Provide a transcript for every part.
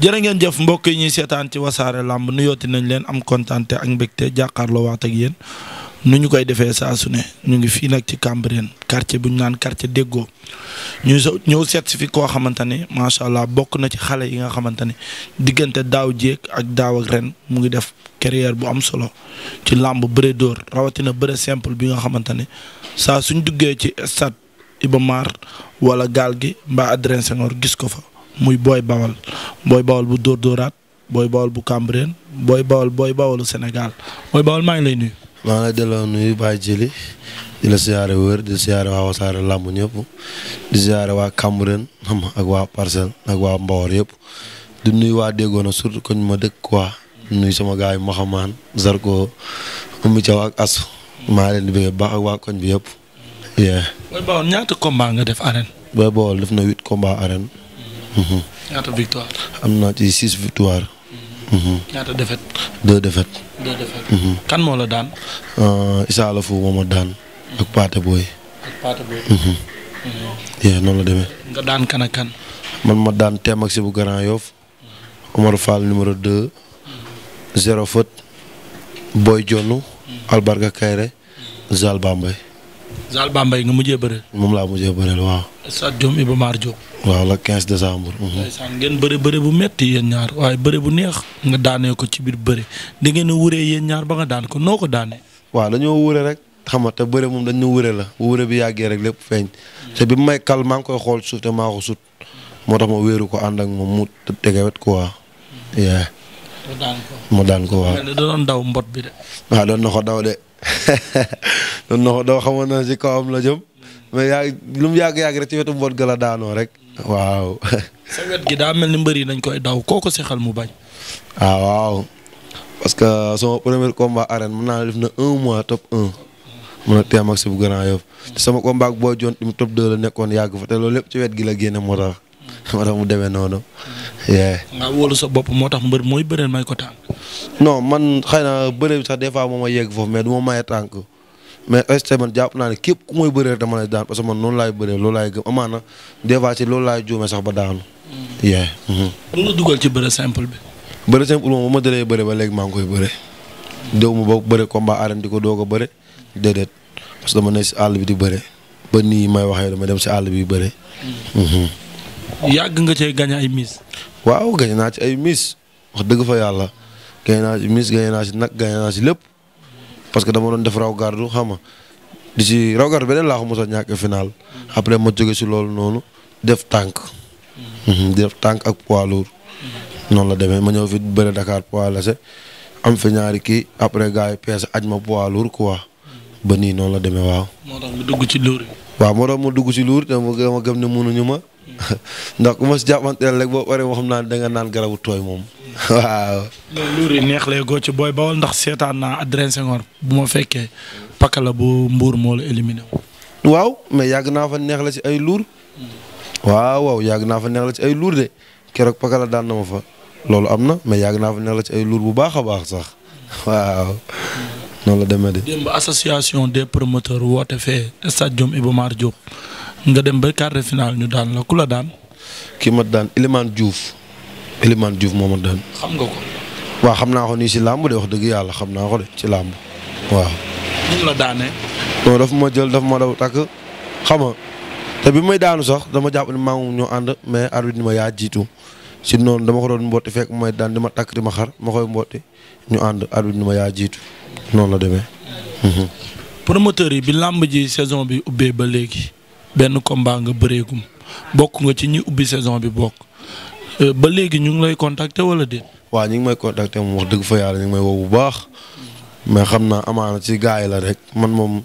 jërë ngeen jëf mbokk yi ñuy seetaan ci wasaare làmb nuyooti nañ leen am kontaan ak mbégte jàkkaarloo waat ak yéen nu ñu koy defee saa su ne ñu ngi fii nag ci Cambérène quartier bu ñu naan quartier déggoo ñu so ñëw seet si fi koo xamante ne macha allah bokk na ci xale yi nga xamante ne diggante daaw jéeg ak daaw ak ren mu ngi def carrière bu am solo ci làmb bëre dóor rawatina bëre simple bi nga xamante ne saa suñ duggee ci sat Iba wala gaal gi mbaa Adrien gis ko fa. muy booy bawal booy bu dóor dóoraat booy bawal bu Cambérène booy bawal booy bawalu Sénégal booy bawal maa ngi lay nuy maa ngi lay delloo nuyu Baye Jili di la siyaare wër di siyaare waa wasaare làmb ñëpp di siyaare waa Cambérène xam ak waa Parcelles Mbawar yëpp di nuyu waa Dégona surtout koñ ma dëkk quoi nuyu sama gars yi Mouhamane Zarko Oumy Thiaw ak Asu maa leen di bëgg baax ak koñ bi yëpp. booy bawal ñaata combat nga def arène. booy bawal def na huit combat arène. Mm-hmm. ñaata victoire. am naa ci six victoire. Mm-hmm. Mm-hmm. ñaata défaite. deux défaites. kan moo la daan. Euh, Issa Lafu moo ma daan. ak Paate Boy. noonu la demee. nga daan kan kan. man ma daan teem ak si bu Grand Yoff. Omar Fall numéro 2. Zéro Fët. Boy Jonnu. Albarga Kayre. Zal Bambay. Zal Bambay nga mujjee bëre. moom laa mujjee bëreel waaw. waaw la 15 décembre. Mhm. ndeysaan ngeen bëre bëre bu metti yéen ñaar waaye bëre bu neex nga daanee ko ci biir bëre da ngeen a wuree yéen ñaar ba nga daan ko noo ko daanee. waaw dañoo wure rek xam nga te bëre moom dañ ñu wure la wure bi yàggee rek lépp feeñ mm. te bi mu may kal maa ngi koy xool suuf te maa ko sut moo tax ma wéeru ko ànd ak moom mu tegewet quoi. mu daan ko mu daan ko waaw. da doon daw mbot bi de. waaw doon na ko daw de doon na ko daw xamoon na ci kawam la jëm mm. mais yaa lu mu yàgg yàgg rek ci wetu mbot ga la daanoo rek. waaw. sa wet gi daa mel ni mbër yi dañ koy daw kooko ko seexal mu bañ. ah waaw parce que sama premier combat arène mën naa def na un mois top un. mën a teem si bu sama combat ak boo jon mu top 2 la nekkoon yàgg fa te loolu lépp ci wet gi la génne moo tax. moo tax mu demee noonu. nga wóolu sa bopp moo tax mbër mooy bëreel may ko tànk. no man xay naa bëre bi sax des fois moo ma yegg foofu mais du ma maye tànk. mais est man jàpp naa ne képp ku may bëree dama lay daan parce que man noonu laay bëree loolu laay gëm amaana sax ba daanu. Mm. yaa ngi. Mm-hmm. lan dugal ci bëre simple bi. bëre simple moom bu ma dalee bëre ba léegi maa ngi koy bëre. déw ma ba bëre combat arène di ko doog a bëre déedéet parce que dama si àll bi di bëre ba nii may waxee dama dem si àll bi bëre. Mm-hmm. yàgg nga cee gañ ay miss. waaw gañ naa ci ay miss wax dëgg fa yàlla gañ naa ci miss gañ naa ci nag gañ naa lépp. parce que dama doon def raw gardu xam di si raw gardu beneen laa ko mos a ñàkk final après ma jóge si loolu noonu def tànk. Mhm, def tànk ak poids noonu la demee ma ñëw fi bëre Dakar poids léger am fi ñaari kii après gars yi peese aj ma poids lourd quoi ba nii noonu la demee waaw. moo tax mu dugg ci lourd. waaw moo tax mu dugg si lourd te ma gëm ne mënuñu ma ndax ku ma si jàppanteel rek boo waree xam naa da nga naan garabu tooy moom waaw. loolu neex lay goo ci booy bawal ndax seetaan naa Adrien Senghor bu ma fekkee paka bu mbuur moo la waaw mais yàgg naa fa neex la ci ay luur waaw waaw yàgg naa fa neex la ci ay luur de keroog paka daan na ma fa loolu am na mais yàgg naa fa neex la ci ay luur bu baax a baax sax waaw. noonu la demee de. démb association des promoteurs woote fee stade Mar Diop. nga dem ba quart de finale ñu daan la ku la daan. kii ma daan Elimane Diouf Elimane Diouf moo ma daan. xam nga ko. waaw xam naa ko nii si làmb de wax dëgg yàlla xam naa ko de ci làmb waaw. ñu la daane non daf ma jël daf ma daw takk xam nga te bi may daanu sax dama jàpp ne maa ngi ñoo mais arbitre ni ma yaa jiitu si noonu dama ko doon mbotti fekk may daan di ma takk di ma xar ma koy mbotti ñu ànd arbitre ni ma yaa jiitu noonu la demee. Mhm. promoteur yi bi làmb ji saison bi ubbee ba léegi. benn combat nga bëreegum bokk nga ci ñi ubbi saison bi bokk euh, ba léegi ñu ngi lay contacter wala déet. waaw ñu ngi may contacter moom wax dëgg fa yàlla ñu ngi may bu baax mais xam naa amaana ci gars yi la rek man moom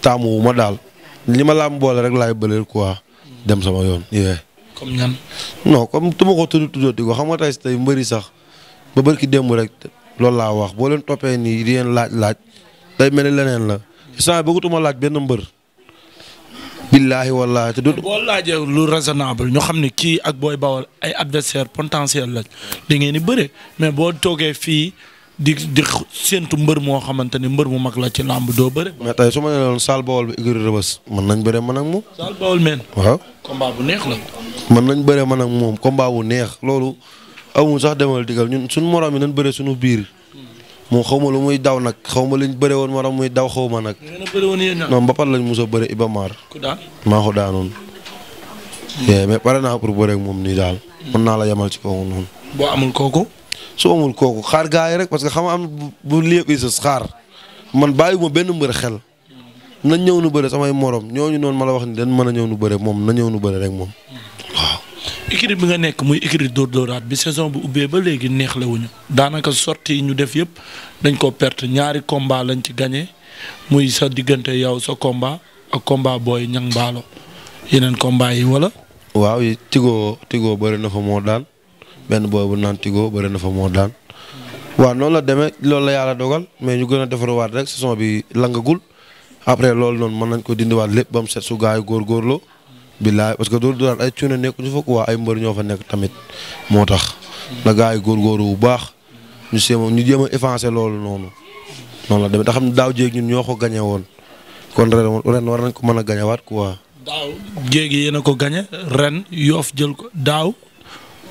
taamu wu daal li ma laam boole rek laay bëreel quoi dem sama yoon. comme ñan. non comme tu ma ko tudd tuddati ko xam nga tey si tey mbëri sax ba bërki démb rek loolu laa wax boo leen toppee nii di leen laaj laaj day mel ni leneen la instant bëggatuma laaj benn mbër. billaahi wallaahi te du. boo laajee lu raisonnable ñu xam ne kii ak Boy Baol ay adversaire potentiel la da ngeen di bëre mais boo toogee fii di di séntu mbër moo xamante ni mbër mu mag la ci làmb doo bëre. mais tey su ma nee loon Sall Baol bi Igri Rëbës mën nañ bëre man ak moom. Sall Baol waaw combat bu neex la. mën nañ bëre man ak moom combat bu neex loolu amul sax demal digal ñun suñu morom yi nañ bëre suñu biir. moom xaw ma lu muy daw nag xaw ma liñ bëre woon maram muy daw xaw ma nag. non mbapat lañ mos a bëre Iba Mar. ku daan mais pare naa pour bëre moom nii daal. mën naa la yemal ci kooku noonu. boo amul kooku. su amul kooku xaar gars yi rek parce que xam am bu lépp yi sës xaar man bàyyiwuma benn mbër xel. nañ ñëw nu bëre samay morom ñooñu noonu ma wax ni den mën a ñëw nu bëre moom na ñëw nu bëre rek moom. écurie bi nga nekk muy écurie dóor dóoraat bi saison bu ubbee ba léegi neex la daanaka sorti ñu def yëpp dañ ko perte ñaari combat lañ ci gagné muy sa diggante yow sa combat ak combat booy ñang mbaalo yeneen combat yi wala. waaw Tigo Tigo bëri na fa moo daan benn booy bu naan Tigo bëri na fa moo daan waaw noonu la demee loolu la yàlla dogal mais ñu gën a defarwaat rek saison bi langagul après loolu noonu mën nañ ko dindiwaat lépp ba mu set su billaay parce que loolu daal ay cuune nekk ñu fa quoi ay mbër ñoo fa nekk tamit moo tax. na gars yi góorgóorlu bu baax. ñu séem ñu jéem a effacé loolu noonu. noonu la demee te xam ne daaw jéeg ñun ñoo ko gagné woon kon ren ren war nañ ko mën a gañewaat quoi. daaw jéeg yéen a ko gañe ren yoof jël ko daaw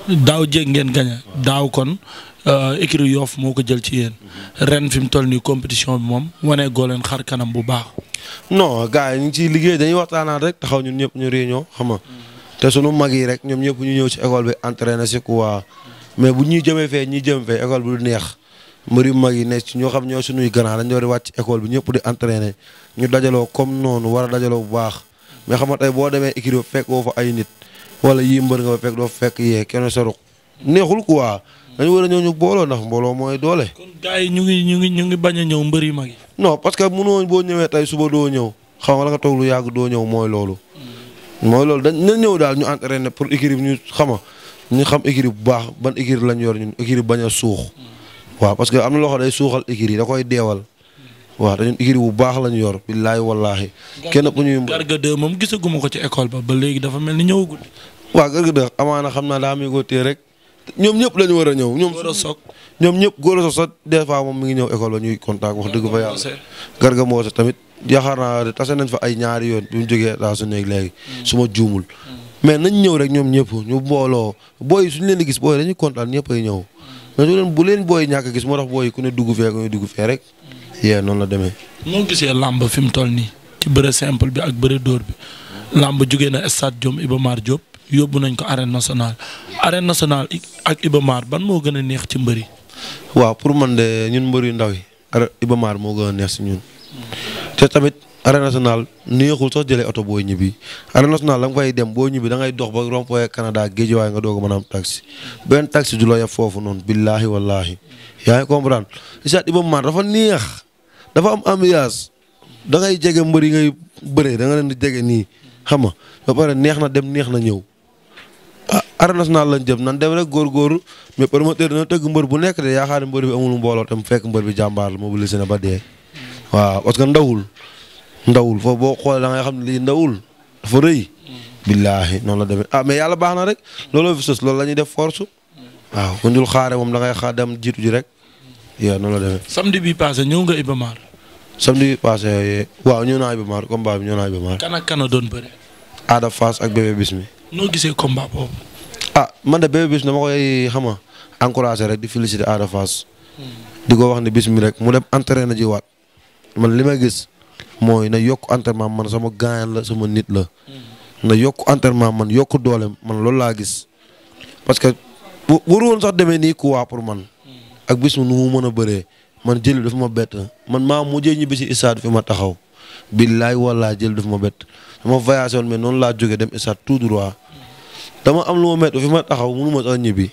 daaw jéeg ngeen gañe daaw kon Euh, écurie Yoff moo ko jël ci yéen ren fi mu toll nii compétition bi moom wane goo leen xar kanam bu baax. no gars yi ñu ngi ciy liggéey dañuy waxtaanaat rek taxaw ñun ñëpp ñu réunion xam nga te sunu mag yi rek ñoom ñëpp ñu ñëw si école bi entraîné si quoi mais bu ñuy jëmee fee ñuy jëm fee école bi du neex. mbëri mag yi nekk ñoo xam ñoo suñuy gannaaw dañu doon ci école bi ñëpp di entraîné ñu dajaloo comme noonu war a dajaloo bu baax mais xam nga tey boo demee écurie fekk woo fa ay nit wala yii mbër nga fa fekk yee kenn sa ruq neexul quoi dañu war a ñëw ñu booloo ndax mbooloo mooy doole. kon gars yi ñu ngi ñu ngi ñu ngi bañ a ñëw mbër yi. non parce que mënoo boo ñëwee tey suba doo ñëw xam nga la nga toog lu yàgg doo ñëw mooy loolu. Mm. mooy loolu dañ na ñëw daal ñu entraîné pour équipe ñu xama ñu xam équipe bu baax ban équipe lañ yor ñun équipe bañ a suux. Mm. waaw parce que am loxo day suuxal équipe yi da koy deewal. Mm. waaw dañu équipe bu baax lañ yor billaahi wallaahi. kenn ku ñuy Garga 2 moom gisaguma ko ci école ba ba léegi dafa mel ni ñëwagul. waaw Garga 2 amaana xam naa daa muy góotee rek ñoom ñëpp la ñu war a ñëw ñoom góor a soog ñoom ñëpp góor a soog sax des fois moom mi ngi ñëw école ba ñuy contact wax dëgg fa yàlla garga moose tamit yaakaar naa tase nañ fa ay ñaari yoon bi mu jugee daa su nekk léegi hmm. su ma juumul hmm. mais nañ ñëw rek ñoom ñëpp ñu booloo booy suñu leen di gis booy dañuy kontaan ñëpp ay ñëw hmm. mais leen bu leen booy ñàkk gis moo tax booy ku ne dugg fee ku ne dugg fee rek yee noonu la demee noo gisee làmb fi mu toll nii ci bëre simple bi ak bëre door bi làmb jógee na stade Iba maar Diop yóbbu nañ ko arène nationale arène nationale ak Iba ban moo gën a neex ci mbër yi. waaw pour man de ñun mbër yu ndaw yi Iba Mar moo gën a neex si ñun. te tamit arène nationale neexul soo jëlee oto boo ñibbi arène nationale la nga fay dem boo ñibbi da ngay dox ba rond-point Canada géej waaye nga doog a mën a am taxi. benn taxi du la yeb foofu noonu billaahi wallaahi yaa ngi comprendre isaat Iba Mar dafa neex dafa am ambiance da ngay jege mbër yi ngay bëree da nga leen di jege nii xam nga ba pare neex na dem neex na ñëw. arène nationale lañ jëm nan dem rek góorgóorlu mais promoteur dina tëgg mbër bu nekk de yaakaar mbër bi amul mbooloo tam fekk mbër bi jàmbaar la mobilisé na ba dee. waaw parce que ndawul ndawul foofu boo xoolee da ngay xam ne lii ndawul dafa rëy. billaahi noonu la demee ah mais yàlla baax na rek looloo fi sos loolu la ñuy def force. waaw ku ñu xaaree moom da ngay xaar dem jiitu ji rek. yaa noonu la demee. samedi bi passé ñëw nga Iba Mar. samedi bi passé waaw ñëw naa Iba Mar combat bi ñëw naa Iba Mar. kan ak kan a doon bëri. Ada Fass ak bébé Bismi. noo gisee combat boobu. ah man de Bébé Bismi dama koy xam nga encouragé rek di féliciter Ada Fass. Hmm. di ko wax ne bis mi rek mu dem entraîné na waat man li ma gis mooy na yokk entraînement man sama gaañ la sama nit la. Hmm. yokk entraînement man yokk doole man loolu laa gis parce que bu waru woon sax demee nii kuwaa pour man. Hmm. ak bis mi nu mu mën a bëree man jël dafa ma bett man maa mujjee ñibbi si stade fi ma taxaw billaay wallaay jël ma bett dama voyagé woon mais noonu laa jógee dem stade tout droit. dama am lu ma métti fi ma taxaw mënu ma sax ñibbi.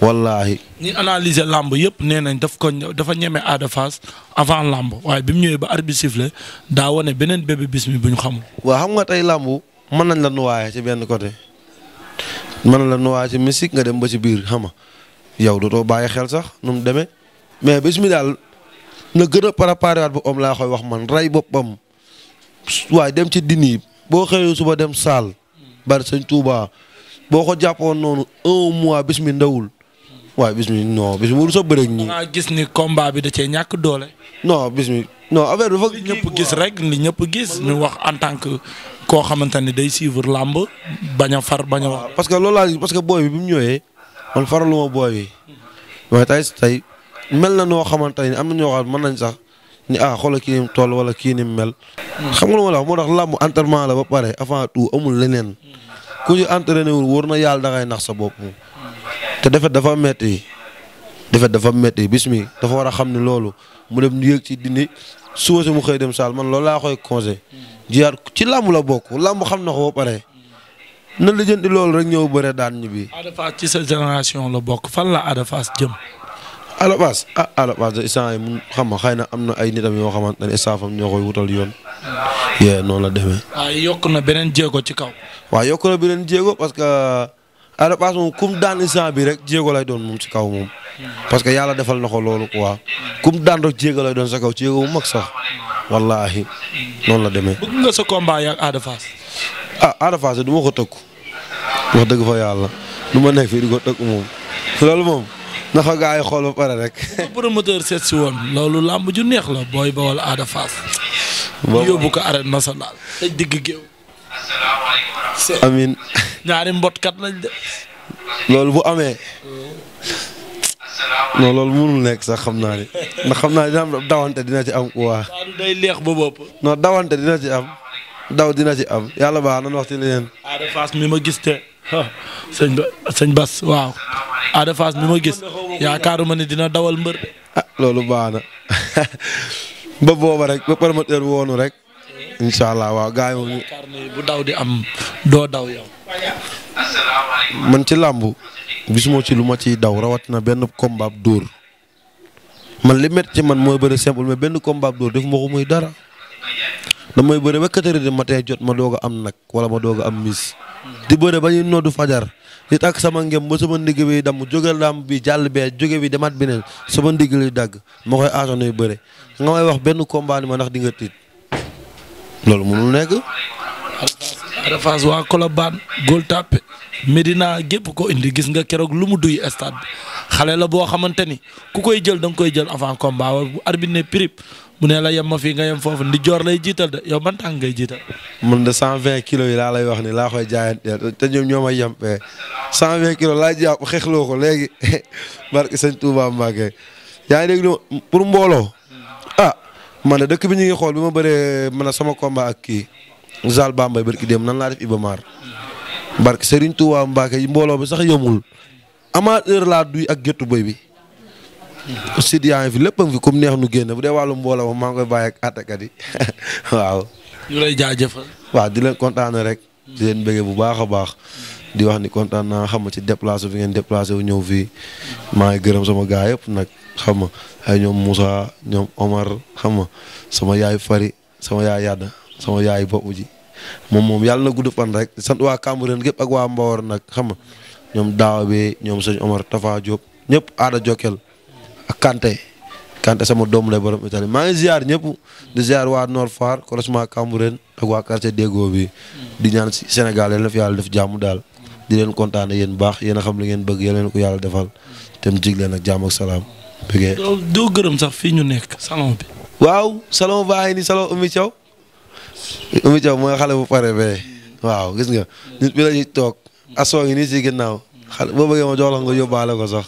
wallaahi. ñi analyser lamb yëpp nee nañ daf ko dafa ñeme Ada Fass avant lamb waaye bi mu ñëwee ba arbitre sifflé daa wane beneen Bébé Bismi bu ñu xamul. waaw xam nga tey lamb mën nañ la nuwaayee ci benn côté mën nañ la nuwaayee ci musique nga dem ba si biir xam nga yow dootoo bàyyi xel sax nu mu demee mais Bismi daal na gën a bu om laa koy wax man rey boppam waaye dem ci dini boo xëyee suba dem saal bari sëñ boo ko jàppoon noonu un mois bis mi ndawul waaye bis mi non bis mi wul sa bëreeg ñi. gis ni combat bi da cee ñàkk doole. non bis mi non affaire dafa. li ñëpp gis rek li ñëpp gis ñu wax en tant que koo xamante ne day suivre làmb bañ far bañ a wax. parce que loolu laa parce que booy bi bi mu ñëwee man faraluma booy bi waaye tey tey mel na noo xamante ne am na ñoo xam mën nañ sax. ni ah xoolal kii ni toll wala kii ni mel. Hmm. xam nga lu la wax moo tax làmb entraînement la ba pare avant tout amul leneen. ku ñu entraîné wul wóor na yàlla da nax sa bopp te defet dafa metti defet dafa metti bismi dafa war a xam ne loolu mu dem yéeg ci dindi suba mu xëy dem saal man loolu laa koy conseil jiyaat ci lamb la bokk lamb xam na ko ba pare na lijjanti loolu rek ñëw bëre daan ñibbi. ci sa génération la bokk fan la Ada Fass jëm. Alobas a ah, Alobas de instant yi mun xam nga xëy na am na ay nitam yoo xamante ne staffam ñoo koy wutal yoon. yee noonu la demee. waaw ah, yokk na beneen jéego ci kaw. waaw yokk na beneen jéego parce que Alobas moom kum bi rek jéego lay doon ci kaw parce que yàlla defal na ko loolu quoi. kum daan rek jéego lay doon sa kaw jéego mu mag sax. wallaahi noonu la demee. bëgg nga sa combat yaa ak Ada Fass. ah Ada Fass du ma ko tëkku. wax dëgg fa yàlla du ma nekk fii ko tëkku moom loolu na ko gars yi xool ba pare rek. promoteur seet si woon loolu làmb ju neex la Boy Baol Ada Fass. boobu yóbbu ko arène nationale. dañ digg géew. amin ñaari mbotkat lañ de. loolu bu amee. non loolu mënul nekk sax xam naa ne ndax xam naa dina am dawante dina ci am waa. day leex ba bopp. non dawante dina ci am. daw dina ci am yàlla baax na waxtu leneen. Ada Fass mi ma gis te sëñ ba sëñ Bas waaw. Ada nu ma gis yaakaaruma ne dina dawal mbër. ah loolu baax na ba booba rek ba promoteur woonu rek. incha allah waaw gars yi bu daw di am doo daw yow. man ci làmb gisuma ci lu ma ciy daw rawatina benn combat dóor man li métti ci man mooy bëri simple mais benn combat dóor def ma muy dara. damay bëri ba quatre heures du matin jot ma doog a am nag wala ma doog am mis di bëri ba ñuy noddu fajar di takk sama ngëm ba sama ndigg bi damm jóge làmb bi jàll bee jóge bi demaat beneen sama ndigg dagg moo koy aasoon yu bëre nga may wax benn combat ni ma ndax di nga tiit loolu mënul nekk. Ada Fass waa Colobane Medina gépp ko indi gis nga keroog lu mu duy stade xale la boo xamante ni ku koy jël da nga koy jël avant combat wala bu arbitre ne mu ne la yem ma fii nga yem foofu ndi joor lay jiital de yow ban tànk ngay jiital. man de 120 kilos yi laa lay wax ni laa koy jaayanteel te ñoom ñoo may yem 120 kilos laa jàpp xeexloo ko léegi barke sëñ Touba Mbacke yaa ngi pour mbooloo. ah man de dëkk bi ñu xool bi ma bëree man sama combat ak kii Zal Bambay barki dem nan laa def Ibamar. barke Serigne Touba Mbacke yi mbooloo bi sax yëmul amateur laa duy ak géttu boy bi. Sidiyaa ngi fi lépp fi kom neex nu génn bu dee wàllu mbooloo ma maa ngi koy bàyyi ak àttekat waaw. ñu lay jaajëfal. waaw di leen kontaan rek. di leen bëggee bu baax a baax. di wax ni kontaan naa xam nga ci déplacé fi ngeen déplacé wu ñëw fii maa ngi gërëm sama gaa yëpp nag xam nga ay ñoom musa ñoom Omar xam nga sama yaay Fari sama yaay Yadda sama yaay bopp ji. moom moom yàlla na gudd fan rek sant waa Cambérène gépp ak waa Mbawar nag xam nga ñoom daawa be ñoom sëñ Omar Tafa Diop ñëpp aada Jokkel ak Kanté Kanté sama doom lay borom Italie maa ngi ziar ñëpp di ziar waa Nord Foire croisement Cambérène ak waa quartier Déggo bi di ñaan Sénégal yéen la fi yàlla def jàmm daal di leen kontaane yéen baax yéen a xam li ngeen bëgg yéen leen ko yàlla defal te mu jig leen ak jàmm ak doo gërëm sax fii ñu nekk salon bi. waaw salon ngi nii Oumy Thiaw xale bu pare bee waaw gis nga nit bi la ñuy toog asoo ngi ni si ginnaaw xale boo bëggee ma nga yóbbaale ko sax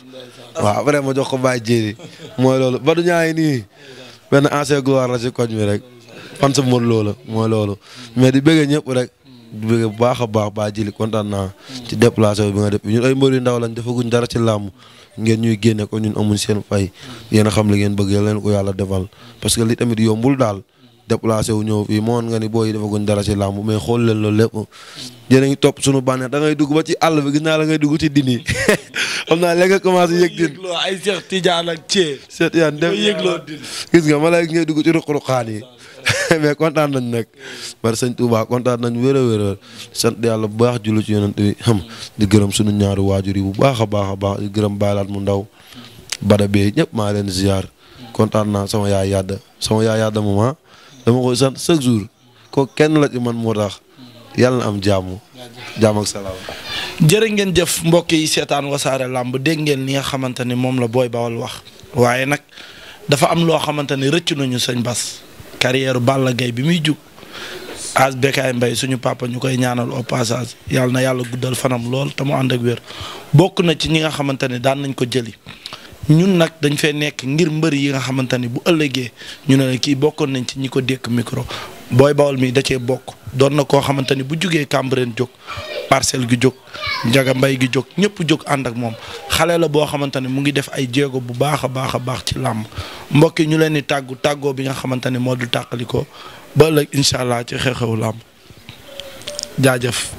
waaw après ma jox ko bàyyi jéeri mooy loolu ba du ñaay nii benn ancien gloire la si koñ bi rek fan sa mën loola mooy loolu mais di bëggee ñëpp rek di bëggee bu baax a baax baa jili kontaan naa ci déplacé bi nga def ñun ay mbër yu ndaw lañ defaguñ dara ci làmb ngeen ñuy génne ko ñun amuñ seen fay yéen a xam li ngeen bëgg leen ko yàlla defal parce que li tamit daal déplacé wu ñëw fii moon nga ni booy yi defaguñ dara ci làmb mais xool leen loolu lépp yéen a ngi topp suñu bànneex da ngay dugg ba ci àll bi gis naa la ngay dugg ci dini xam naa léegi nga commencé yëg din ay Cheikh Tidiane ak Thié Cheikh gis nga ma ngay dugg ci ruq-ruqaan yi mais kontaan nañ nag bari sëñ Touba kontaan nañ wér a wér a sant yàlla bu baax jullu ci yonent bi xam di gërëm suñu ñaari waajur yi bu baax a baax a baax di gërëm baalaat mu ndaw bada bee ñëpp maa leen ziar kontaan naa sama yaay yàdda sama ah. dama koy sant chaque jour kooku kenn la ci man moo tax yàlla na am jàmm jàmm ak salaam. ngeen jëf mbokk yi seetaan wasaare làmb dégg ngeen li nga xamante ni moom la booy Baol wax waaye nag dafa am loo xamante ni rëcc nañu sëñ Bas carrière Balla Gaye bi muy jug as Bécaye mbay suñu papa ñu koy ñaanal au yàlla na yàlla guddal fanam lool te mu ànd ak wér bokk na ci ñi nga xamante ne daan nañ ko jëli. ñun nag dañ fee nekk ngir mbër yi nga xamante ni bu ëllëgee ñu ne la kii bokkoon nañ ci ñi ko dékk micro booy bawol mi da cee bokk doon na koo xamante ni bu jugee Cambérène jóg parcelle gi jóg njaga mbay gi jóg ñëpp jóg ànd ak moom xale la boo xamante ni mu ngi def ay jéego bu baax a baax ci làmb mbokk yi ñu leen di tàggu tàggoo bi nga xamante ni moo du tàqalikoo ba ëllëg incha allah ci xew-xewu làmb jaajëf.